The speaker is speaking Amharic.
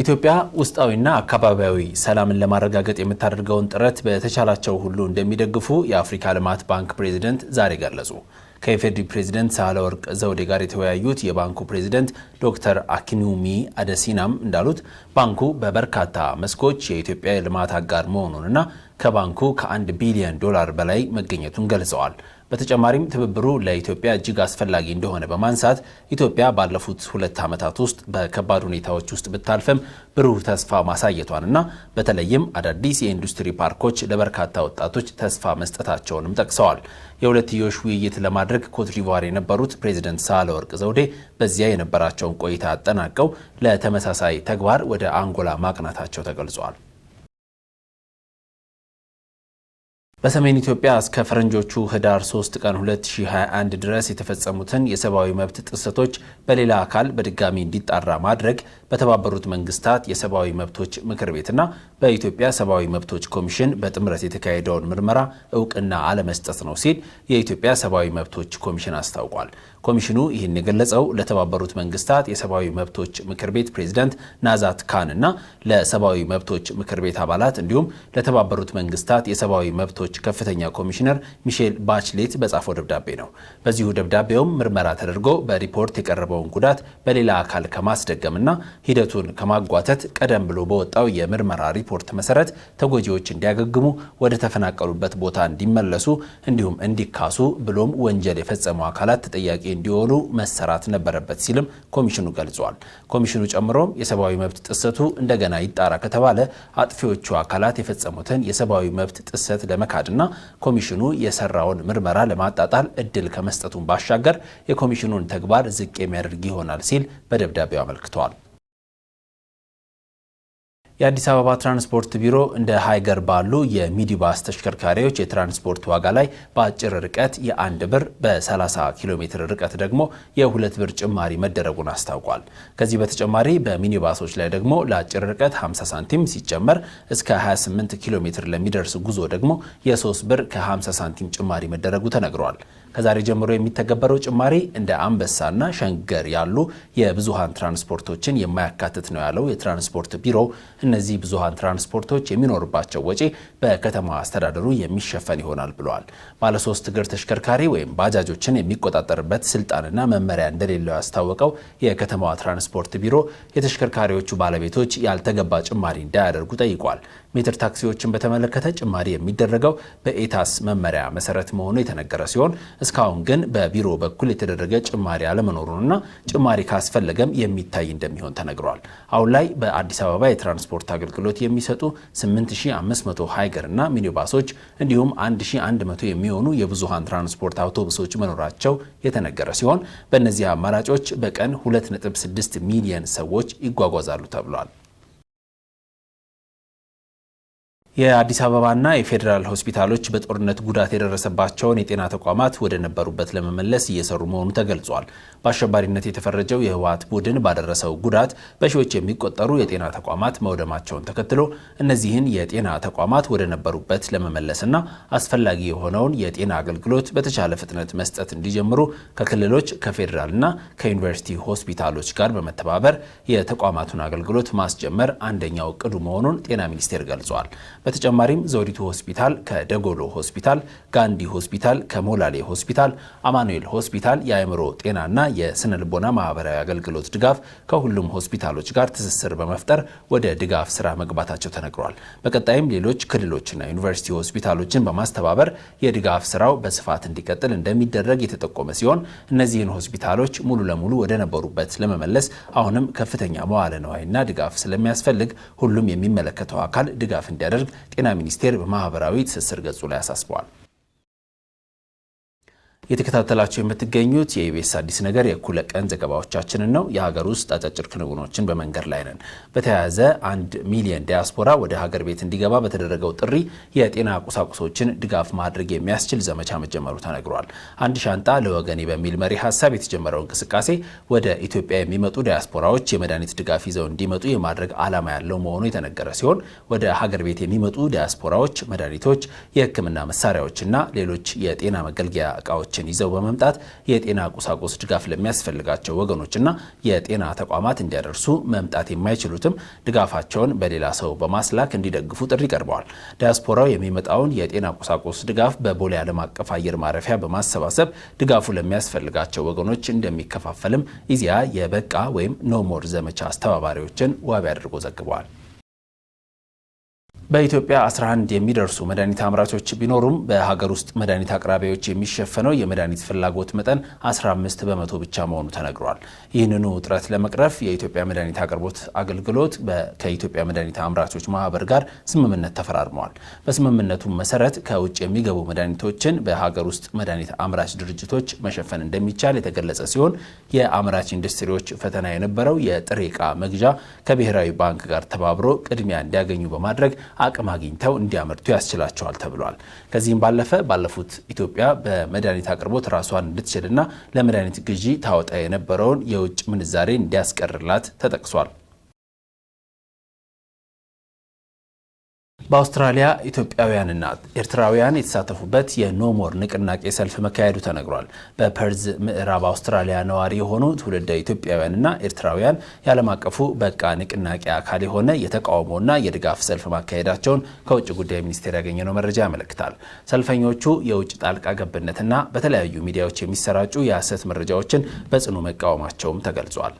ኢትዮጵያ ውስጣዊና አካባቢያዊ ሰላምን ለማረጋገጥ የምታደርገውን ጥረት በተቻላቸው ሁሉ እንደሚደግፉ የአፍሪካ ልማት ባንክ ፕሬዚደንት ዛሬ ገለጹ። ከኢፌዴሪ ፕሬዚደንት ሳህለወርቅ ዘውዴ ጋር የተወያዩት የባንኩ ፕሬዚደንት ዶክተር አኪኑሚ አደሲናም እንዳሉት ባንኩ በበርካታ መስኮች የኢትዮጵያ የልማት አጋር መሆኑንና ከባንኩ ከአንድ ቢሊዮን ዶላር በላይ መገኘቱን ገልጸዋል። በተጨማሪም ትብብሩ ለኢትዮጵያ እጅግ አስፈላጊ እንደሆነ በማንሳት ኢትዮጵያ ባለፉት ሁለት ዓመታት ውስጥ በከባድ ሁኔታዎች ውስጥ ብታልፍም ብሩህ ተስፋ ማሳየቷንና በተለይም አዳዲስ የኢንዱስትሪ ፓርኮች ለበርካታ ወጣቶች ተስፋ መስጠታቸውንም ጠቅሰዋል። የሁለትዮሽ ውይይት ለማድረግ በማድረግ ኮትዲቯር የነበሩት ፕሬዚደንት ሳህለወርቅ ዘውዴ በዚያ የነበራቸውን ቆይታ አጠናቀው ለተመሳሳይ ተግባር ወደ አንጎላ ማቅናታቸው ተገልጿል። በሰሜን ኢትዮጵያ እስከ ፈረንጆቹ ህዳር 3 ቀን 2021 ድረስ የተፈጸሙትን የሰብአዊ መብት ጥሰቶች በሌላ አካል በድጋሚ እንዲጣራ ማድረግ በተባበሩት መንግስታት የሰብአዊ መብቶች ምክር ቤትና በኢትዮጵያ ሰብአዊ መብቶች ኮሚሽን በጥምረት የተካሄደውን ምርመራ እውቅና አለመስጠት ነው ሲል የኢትዮጵያ ሰብአዊ መብቶች ኮሚሽን አስታውቋል። ኮሚሽኑ ይህን የገለጸው ለተባበሩት መንግስታት የሰብአዊ መብቶች ምክር ቤት ፕሬዚዳንት ናዛት ካን እና ለሰብአዊ መብቶች ምክር ቤት አባላት እንዲሁም ለተባበሩት መንግስታት የሰብአዊ መብቶች ከፍተኛ ኮሚሽነር ሚሼል ባችሌት በጻፈው ደብዳቤ ነው። በዚሁ ደብዳቤውም ምርመራ ተደርጎ በሪፖርት የቀረበውን ጉዳት በሌላ አካል ከማስደገምና ሂደቱን ከማጓተት ቀደም ብሎ በወጣው የምርመራ ሪፖርት መሰረት ተጎጂዎች እንዲያገግሙ፣ ወደ ተፈናቀሉበት ቦታ እንዲመለሱ እንዲሁም እንዲካሱ ብሎም ወንጀል የፈጸሙ አካላት ተጠያቂ እንዲሆኑ መሰራት ነበረበት ሲልም ኮሚሽኑ ገልጿል። ኮሚሽኑ ጨምሮም የሰብአዊ መብት ጥሰቱ እንደገና ይጣራ ከተባለ አጥፊዎቹ አካላት የፈጸሙትን የሰብአዊ መብት ጥሰት ለመካድና ኮሚሽኑ የሰራውን ምርመራ ለማጣጣል እድል ከመስጠቱን ባሻገር የኮሚሽኑን ተግባር ዝቅ የሚያደርግ ይሆናል ሲል በደብዳቤው አመልክቷል። የአዲስ አበባ ትራንስፖርት ቢሮ እንደ ሀይገር ባሉ የሚኒባስ ተሽከርካሪዎች የትራንስፖርት ዋጋ ላይ በአጭር ርቀት የአንድ ብር በ30 ኪሎ ሜትር ርቀት ደግሞ የሁለት ብር ጭማሪ መደረጉን አስታውቋል። ከዚህ በተጨማሪ በሚኒባሶች ላይ ደግሞ ለአጭር ርቀት 50 ሳንቲም ሲጨመር እስከ 28 ኪሎ ሜትር ለሚደርስ ጉዞ ደግሞ የ3 ብር ከ50 ሳንቲም ጭማሪ መደረጉ ተነግሯል። ከዛሬ ጀምሮ የሚተገበረው ጭማሪ እንደ አንበሳና ሸንገር ያሉ የብዙሃን ትራንስፖርቶችን የማያካትት ነው ያለው የትራንስፖርት ቢሮ እነዚህ ብዙሃን ትራንስፖርቶች የሚኖርባቸው ወጪ በከተማ አስተዳደሩ የሚሸፈን ይሆናል ብለዋል። ባለሶስት እግር ተሽከርካሪ ወይም ባጃጆችን የሚቆጣጠርበት ስልጣንና መመሪያ እንደሌለው ያስታወቀው የከተማዋ ትራንስፖርት ቢሮ የተሽከርካሪዎቹ ባለቤቶች ያልተገባ ጭማሪ እንዳያደርጉ ጠይቋል። ሜትር ታክሲዎችን በተመለከተ ጭማሪ የሚደረገው በኤታስ መመሪያ መሰረት መሆኑ የተነገረ ሲሆን እስካሁን ግን በቢሮ በኩል የተደረገ ጭማሪ አለመኖሩንና ጭማሪ ካስፈለገም የሚታይ እንደሚሆን ተነግሯል። አሁን ላይ በአዲስ አበባ የትራንስፖርት አገልግሎት የሚሰጡ 8500 ሃይገር እና ሚኒባሶች እንዲሁም 1100 የሚሆኑ የብዙሃን ትራንስፖርት አውቶቡሶች መኖራቸው የተነገረ ሲሆን በእነዚህ አማራጮች በቀን 2.6 ሚሊየን ሰዎች ይጓጓዛሉ ተብሏል። የአዲስ አበባና የፌዴራል ሆስፒታሎች በጦርነት ጉዳት የደረሰባቸውን የጤና ተቋማት ወደ ነበሩበት ለመመለስ እየሰሩ መሆኑ ተገልጿል። በአሸባሪነት የተፈረጀው የህወሓት ቡድን ባደረሰው ጉዳት በሺዎች የሚቆጠሩ የጤና ተቋማት መውደማቸውን ተከትሎ እነዚህን የጤና ተቋማት ወደ ነበሩበት ለመመለስና አስፈላጊ የሆነውን የጤና አገልግሎት በተቻለ ፍጥነት መስጠት እንዲጀምሩ ከክልሎች ከፌዴራልና ከዩኒቨርሲቲ ሆስፒታሎች ጋር በመተባበር የተቋማቱን አገልግሎት ማስጀመር አንደኛው እቅዱ መሆኑን ጤና ሚኒስቴር ገልጿል። በተጨማሪም ዘውዲቱ ሆስፒታል ከደጎሎ ሆስፒታል፣ ጋንዲ ሆስፒታል ከሞላሌ ሆስፒታል፣ አማኑኤል ሆስፒታል የአእምሮ ጤናና የስነ ልቦና ማህበራዊ አገልግሎት ድጋፍ ከሁሉም ሆስፒታሎች ጋር ትስስር በመፍጠር ወደ ድጋፍ ስራ መግባታቸው ተነግሯል። በቀጣይም ሌሎች ክልሎችና ዩኒቨርሲቲ ሆስፒታሎችን በማስተባበር የድጋፍ ስራው በስፋት እንዲቀጥል እንደሚደረግ የተጠቆመ ሲሆን እነዚህን ሆስፒታሎች ሙሉ ለሙሉ ወደ ነበሩበት ለመመለስ አሁንም ከፍተኛ መዋለ ነዋይና ድጋፍ ስለሚያስፈልግ ሁሉም የሚመለከተው አካል ድጋፍ እንዲያደርግ ጤና ሚኒስቴር በማህበራዊ ትስስር ገጹ ላይ አሳስበዋል። የተከታተላቸው የምትገኙት የኢቢኤስ አዲስ ነገር የእኩለ ቀን ዘገባዎቻችንን ነው። የሀገር ውስጥ አጫጭር ክንውኖችን በመንገድ ላይ ነን። በተያያዘ አንድ ሚሊዮን ዲያስፖራ ወደ ሀገር ቤት እንዲገባ በተደረገው ጥሪ የጤና ቁሳቁሶችን ድጋፍ ማድረግ የሚያስችል ዘመቻ መጀመሩ ተነግሯል። አንድ ሻንጣ ለወገኔ በሚል መሪ ሀሳብ የተጀመረው እንቅስቃሴ ወደ ኢትዮጵያ የሚመጡ ዲያስፖራዎች የመድኃኒት ድጋፍ ይዘው እንዲመጡ የማድረግ ዓላማ ያለው መሆኑ የተነገረ ሲሆን ወደ ሀገር ቤት የሚመጡ ዲያስፖራዎች መድኃኒቶች፣ የሕክምና መሳሪያዎችና ሌሎች የጤና መገልገያ እቃዎች ዶናሮችን ይዘው በመምጣት የጤና ቁሳቁስ ድጋፍ ለሚያስፈልጋቸው ወገኖችና የጤና ተቋማት እንዲያደርሱ መምጣት የማይችሉትም ድጋፋቸውን በሌላ ሰው በማስላክ እንዲደግፉ ጥሪ ቀርበዋል። ዲያስፖራው የሚመጣውን የጤና ቁሳቁስ ድጋፍ በቦሌ ዓለም አቀፍ አየር ማረፊያ በማሰባሰብ ድጋፉ ለሚያስፈልጋቸው ወገኖች እንደሚከፋፈልም እዚያ የበቃ ወይም ኖሞር ዘመቻ አስተባባሪዎችን ዋቢ አድርጎ ዘግበዋል። በኢትዮጵያ 11 የሚደርሱ መድኃኒት አምራቾች ቢኖሩም በሀገር ውስጥ መድኃኒት አቅራቢዎች የሚሸፈነው የመድኃኒት ፍላጎት መጠን 15 በመቶ ብቻ መሆኑ ተነግሯል። ይህንኑ ውጥረት ለመቅረፍ የኢትዮጵያ መድኃኒት አቅርቦት አገልግሎት ከኢትዮጵያ መድኃኒት አምራቾች ማህበር ጋር ስምምነት ተፈራርመዋል። በስምምነቱም መሰረት ከውጭ የሚገቡ መድኃኒቶችን በሀገር ውስጥ መድኃኒት አምራች ድርጅቶች መሸፈን እንደሚቻል የተገለጸ ሲሆን የአምራች ኢንዱስትሪዎች ፈተና የነበረው የጥሬ ዕቃ መግዣ ከብሔራዊ ባንክ ጋር ተባብሮ ቅድሚያ እንዲያገኙ በማድረግ አቅም አግኝተው እንዲያመርቱ ያስችላቸዋል ተብሏል። ከዚህም ባለፈ ባለፉት ኢትዮጵያ በመድኃኒት አቅርቦት ራሷን እንድትችልና ለመድኃኒት ግዢ ታወጣ የነበረውን የውጭ ምንዛሬ እንዲያስቀርላት ተጠቅሷል። በአውስትራሊያ ኢትዮጵያውያንና ኤርትራውያን የተሳተፉበት የኖሞር ንቅናቄ ሰልፍ መካሄዱ ተነግሯል። በፐርዝ ምዕራብ አውስትራሊያ ነዋሪ የሆኑ ትውልደ ኢትዮጵያውያንና ኤርትራውያን የዓለም አቀፉ በቃ ንቅናቄ አካል የሆነ የተቃውሞና የድጋፍ ሰልፍ ማካሄዳቸውን ከውጭ ጉዳይ ሚኒስቴር ያገኘነው መረጃ ያመለክታል። ሰልፈኞቹ የውጭ ጣልቃ ገብነትና በተለያዩ ሚዲያዎች የሚሰራጩ የሐሰት መረጃዎችን በጽኑ መቃወማቸውም ተገልጿል።